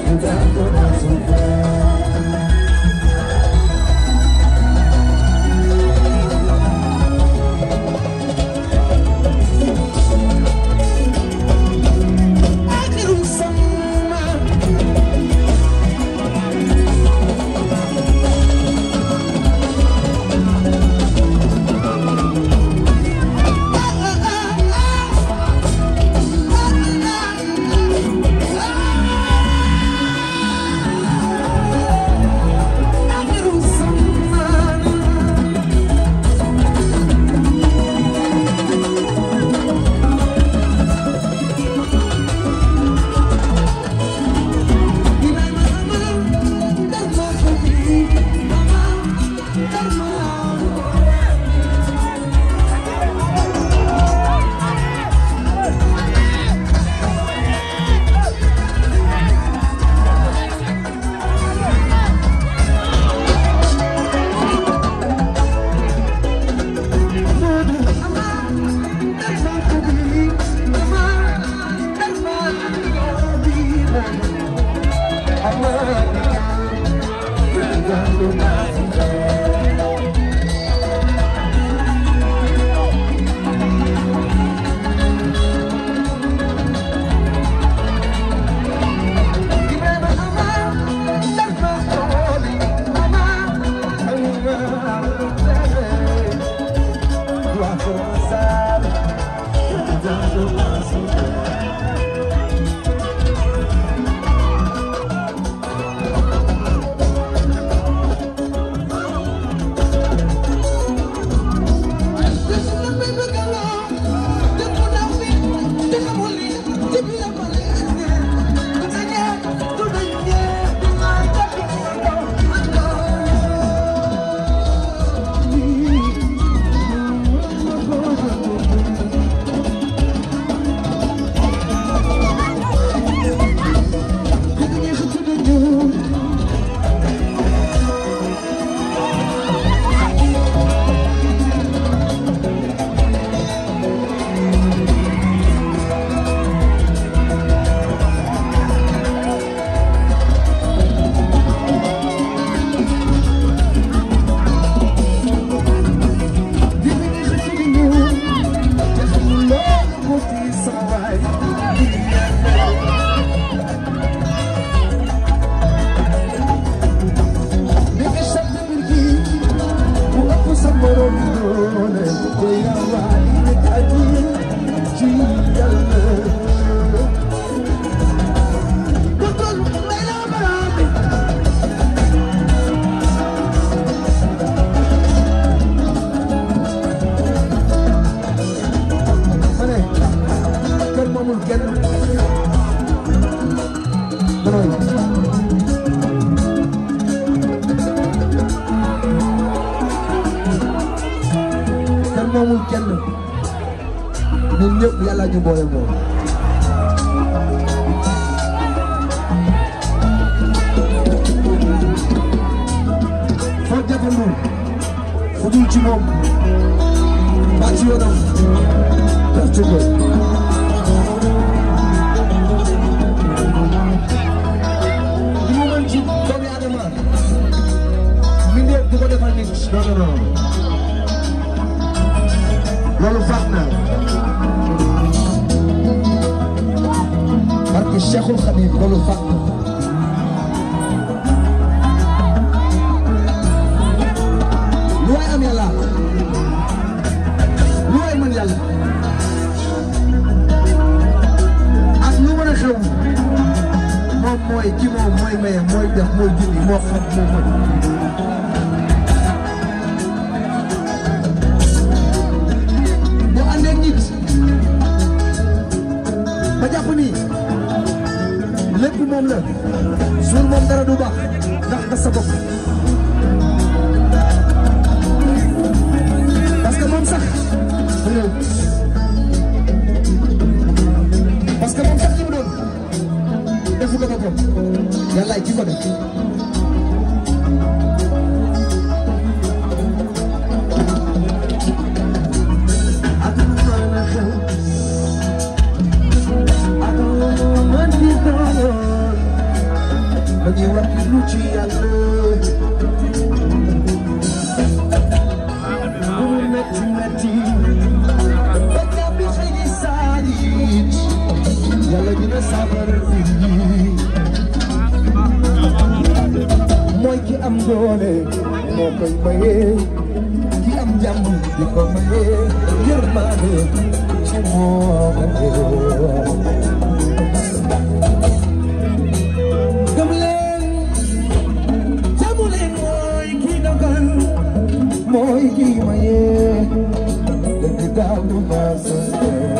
Thank you. Podjęłam z ludzi jak my Meti, meti Peta bliżej salić Ja legnę sabar Mooy ki am doole moo koy maye ki am jàmm di ko maye yërmande ci moom I'll do my best.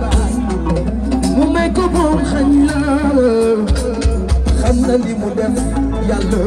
baay mu may ko boom xañ la xam na li mu def yàlla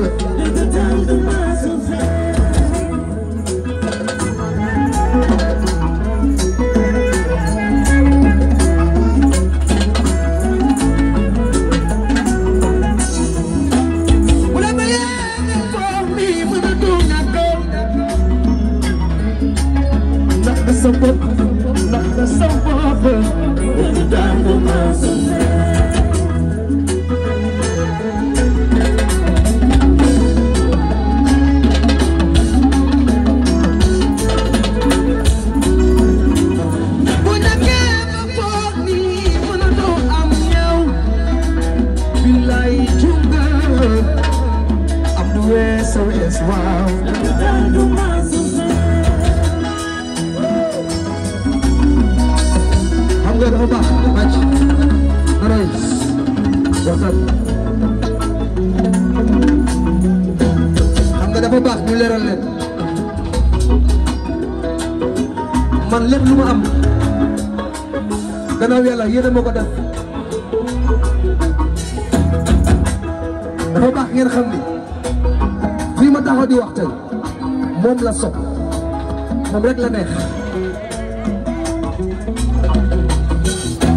dafa baax ngeen xam ni fii ma taxaw di wax tey la sopp moom rek la neex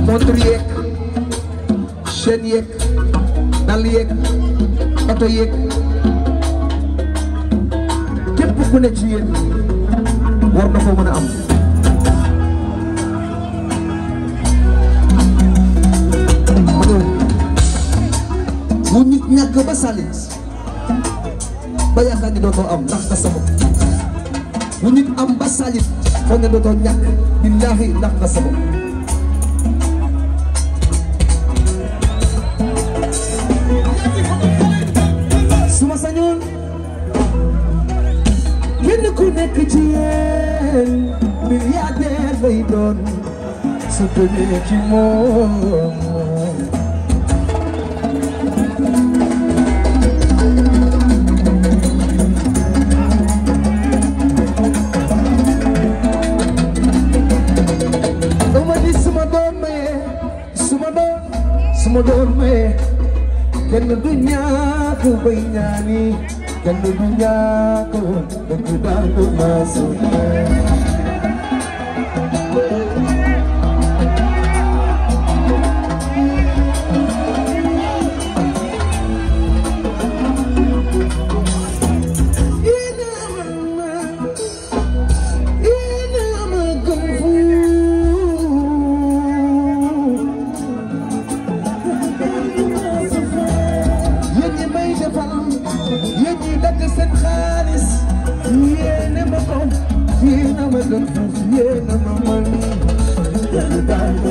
montre yeeg chaîne yeeg ku ne ci war na ko am bu nit ñàkk ba sàllit ba yaakaar ni dootoo am ndax nga sa bopp nit am ba sàllit foog ne dootoo ñàkk billaahi ndax nga sa bopp su ma sañoon kenn ku nekk ci yéen milliardaire lay doon su demee ci moom ma door maye kenn du ñàkk bay ñaani kenn du ñàkk dëgg daal ma cantar